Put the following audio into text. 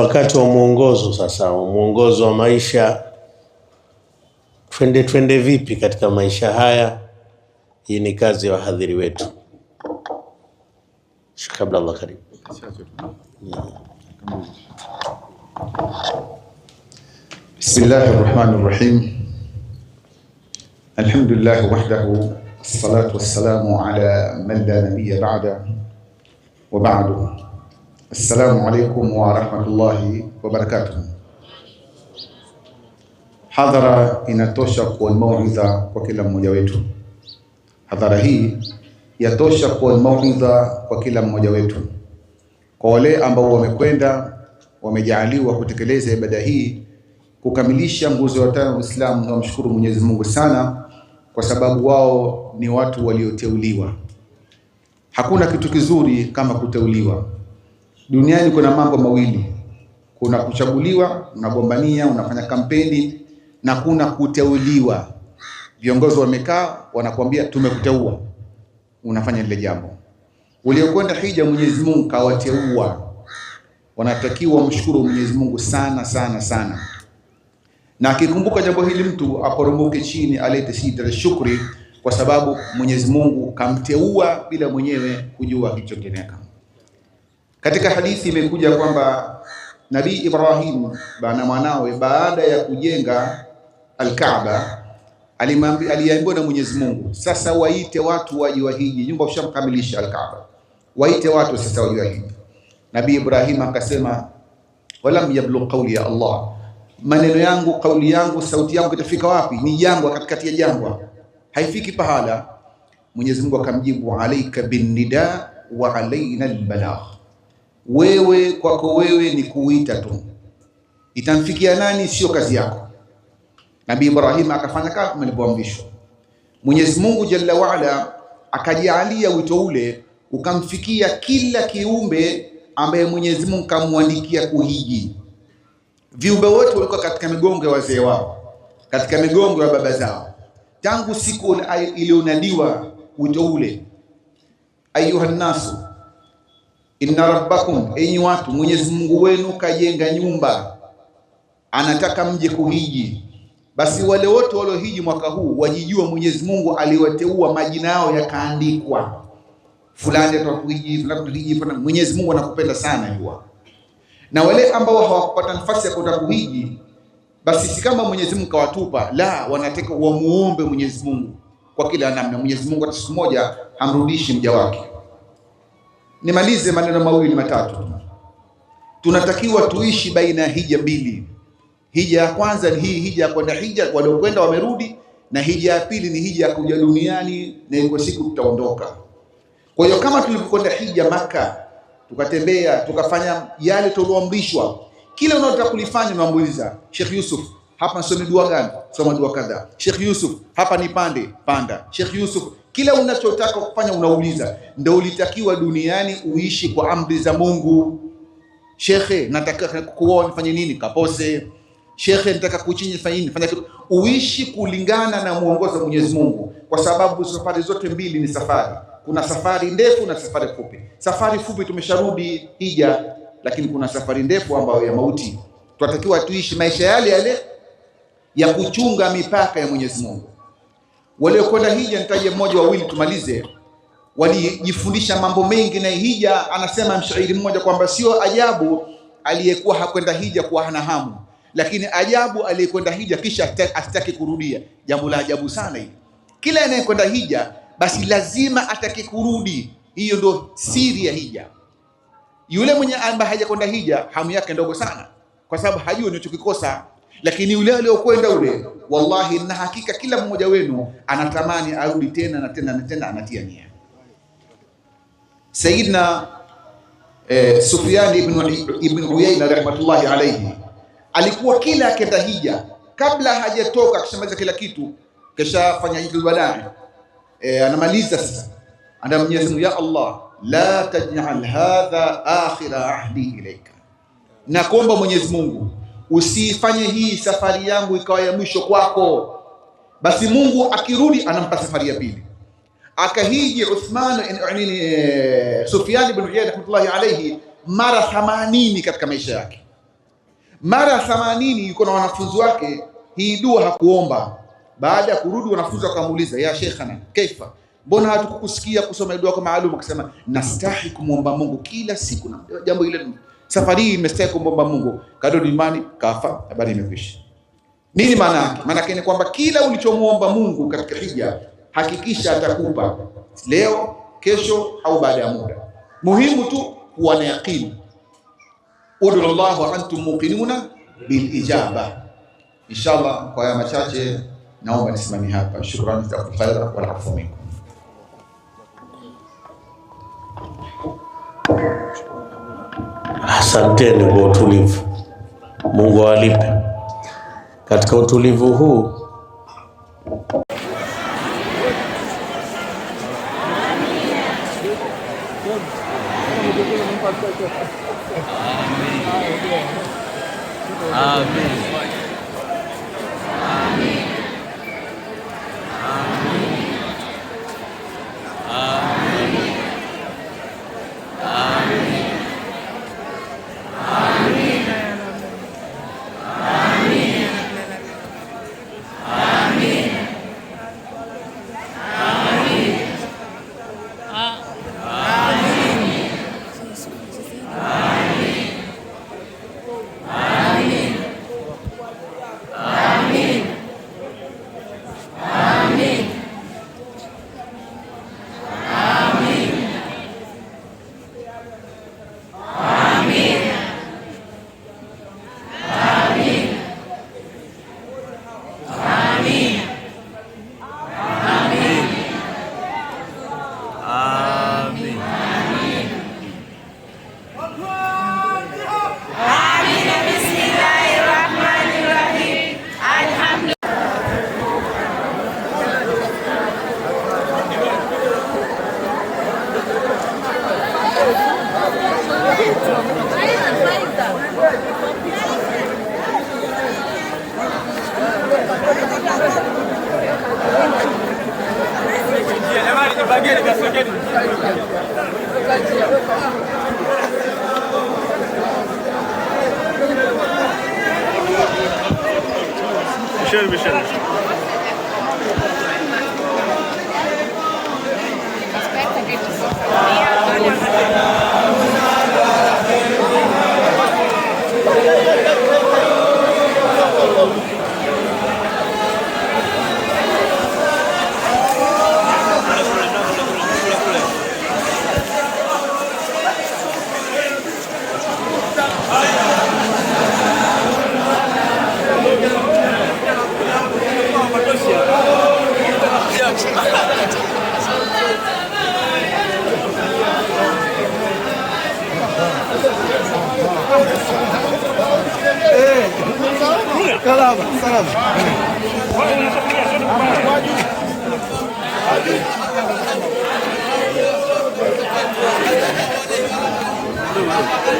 Wakati wa mwongozo sasa, mwongozo wa maisha, twende twende vipi katika maisha haya? Hii ni kazi ya wa wahadhiri wetu. Sheikh Abdallah Karim, bismillahir rahmanir rahim, alhamdulillah wahdahu, salatu wassalamu ala man la nabiyya ba'da wa ba'du Assalamu alaikum wa rahmatullahi wa barakatuh. Hadhara inatosha kuwa ni mauidha kwa kila mmoja wetu. Hadhara hii yatosha kuwa ni mauidha kwa kila mmoja wetu. Kwa wale ambao wamekwenda wamejaaliwa kutekeleza ibada hii kukamilisha nguzo ya tano ya Uislamu, nawamshukuru Mwenyezi Mungu sana kwa sababu wao ni watu walioteuliwa. Hakuna kitu kizuri kama kuteuliwa. Duniani kuna mambo mawili, kuna kuchaguliwa, unagombania, unafanya kampeni na kuna kuteuliwa. Viongozi wamekaa wanakuambia tumekuteua, unafanya lile jambo. Uliokwenda hija, Mwenyezi Mungu kawateua, wanatakiwa mshukuru Mwenyezi Mungu sana sana sana, na akikumbuka jambo hili mtu aporomoke chini, alete sijda shukri, kwa sababu Mwenyezi Mungu kamteua bila mwenyewe kujua kilichotendeka. Katika hadithi imekuja kwamba Nabii Ibrahim na mwanawe baada ya kujenga Al-Kaaba aliambiwa na Mwenyezi Mungu, sasa waite watu waje wahiji. Nyumba ushamkamilisha Al-Kaaba, waite watu sasa waje wahiji. Nabii Ibrahim akasema, walam yablugh qawli ya Allah, maneno yangu, kauli yangu, sauti yangu itafika wapi? Ni jangwa, katikati ya jangwa, haifiki pahala. Mwenyezi Mungu akamjibu, alaika bin nida wa alaina al-balagh wewe kwako wewe ni kuita tu, itamfikia nani sio kazi yako. Nabii Ibrahim akafanya kama alivyoamrishwa. Mwenyezi Mungu Jalla waala akajaalia wito ule ukamfikia kila kiumbe ambaye Mwenyezi Mungu kamwandikia kuhiji. Viumbe wote walikuwa katika migongo ya wazee wao, katika migongo ya baba zao, tangu siku iliyonadiwa wito ule, ayuha nnasu inna rabbakum, enyi watu, Mwenyezi Mungu wenu kajenga nyumba, anataka mje kuhiji. Basi wale wote waliohiji mwaka huu wajijua Mwenyezi Mungu aliwateua majina yao yakaandikwa, fulani atakuhiji, fulani atakuhiji. Mwenyezi Mungu anakupenda sana jua. Na wale ambao hawakupata nafasi ya kwenda kuhiji, basi si kama Mwenyezi Mungu kawatupa, la, wanataka wamuombe Mwenyezi Mungu kwa kila namna. Mwenyezi Mungu hata siku moja hamrudishi mja wake. Nimalize maneno mawili matatu. Tunatakiwa tuishi baina ya hija mbili. Hija ya kwanza ni hii hija ya kwenda hija, waliokwenda wamerudi, na hija ya pili ni hija ya kuja duniani, na iko siku tutaondoka. Kwa hiyo kama tulivyokwenda hija Maka, tukatembea tukafanya yale tulioamrishwa, kile unaotaka kulifanya unamuuliza Sheikh Yusuf hapa, somi dua gani? Soma dua kadhaa. Sheikh Yusuf hapa, ni pande panda. Sheikh Yusuf kila unachotaka kufanya unauliza. Ndio ulitakiwa duniani uishi kwa amri za Mungu. Shekhe, nataka kuoa nifanye nini? Kapose. Shekhe, nataka kuchinja nifanye nini? Fanya uishi kulingana na mwongozo wa Mwenyezi Mungu, kwa sababu safari zote mbili ni safari. Kuna safari ndefu na safari fupi. Safari fupi tumesharudi hija, lakini kuna safari ndefu ambayo ya mauti. Tunatakiwa tuishi maisha yale yale ya kuchunga mipaka ya Mwenyezi Mungu. Waliokwenda hija, nitaje mmoja wawili tumalize, walijifundisha mambo mengi na hija. Anasema mshairi mmoja kwamba sio ajabu aliyekuwa hakwenda hija kuwa hana hamu, lakini ajabu aliyekwenda hija kisha asitaki kurudia. Jambo la ajabu sana hili. Kila anayekwenda hija basi lazima atake kurudi. Hiyo ndio siri ya hija. Yule mwenye ambaye hajakwenda hija, hamu yake ndogo sana, kwa sababu hajui anachokikosa. Lakini yule aliyokwenda ule, wallahi na hakika kila mmoja wenu anatamani arudi tena na tena na tena, anatia nia. Sayyidina eh, Sufyan ibn ibn Uyayna rahmatullahi alayhi alikuwa kila akenda hija, kabla hajatoka kishamaliza kila kitu, kishafanya hijjatul wadaa eh, anamaliza sasa, anamwambia Mwenyezi Mungu, ya Allah la taj'al hadha akhira ahdi ilayka, na kuomba Mwenyezi Mungu usiifanye hii safari yangu ikawa ya mwisho kwako. Basi Mungu akirudi anampa safari ya pili. Akahiji Uthman eh, eh, Sufyan ibn Uyayna rahmatullahi alayhi mara 80 katika maisha yake, mara 80 yuko na wanafunzi wake, hii dua hakuomba. Baada ya kurudi, wanafunzi wakamuuliza, ya shekhana, kaifa, mbona hatukukusikia kusoma dua kwa maalum? Akasema, nastahi kumwomba Mungu kila siku na jambo hilo Safari hii imestahili kumwomba Mungu, kadiri imani kafa, habari imekwisha. Nini maana yake? Maana yake ni kwamba kila ulichomwomba Mungu katika hija, hakikisha atakupa leo, kesho au baada ya muda. Muhimu tu kuwa na yaqini. Ud'u Allah wa antum muqinuna bil ijaba. Inshallah, kwa haya machache naomba nisimame hapa. Shukrani, jazakumullahu khairan wa afu minkum. Asanteni kwa utulivu, Mungu awalipe katika utulivu huu. Amen. Amen. Vishal Vishal Ei, caramba, caramba. Thank you.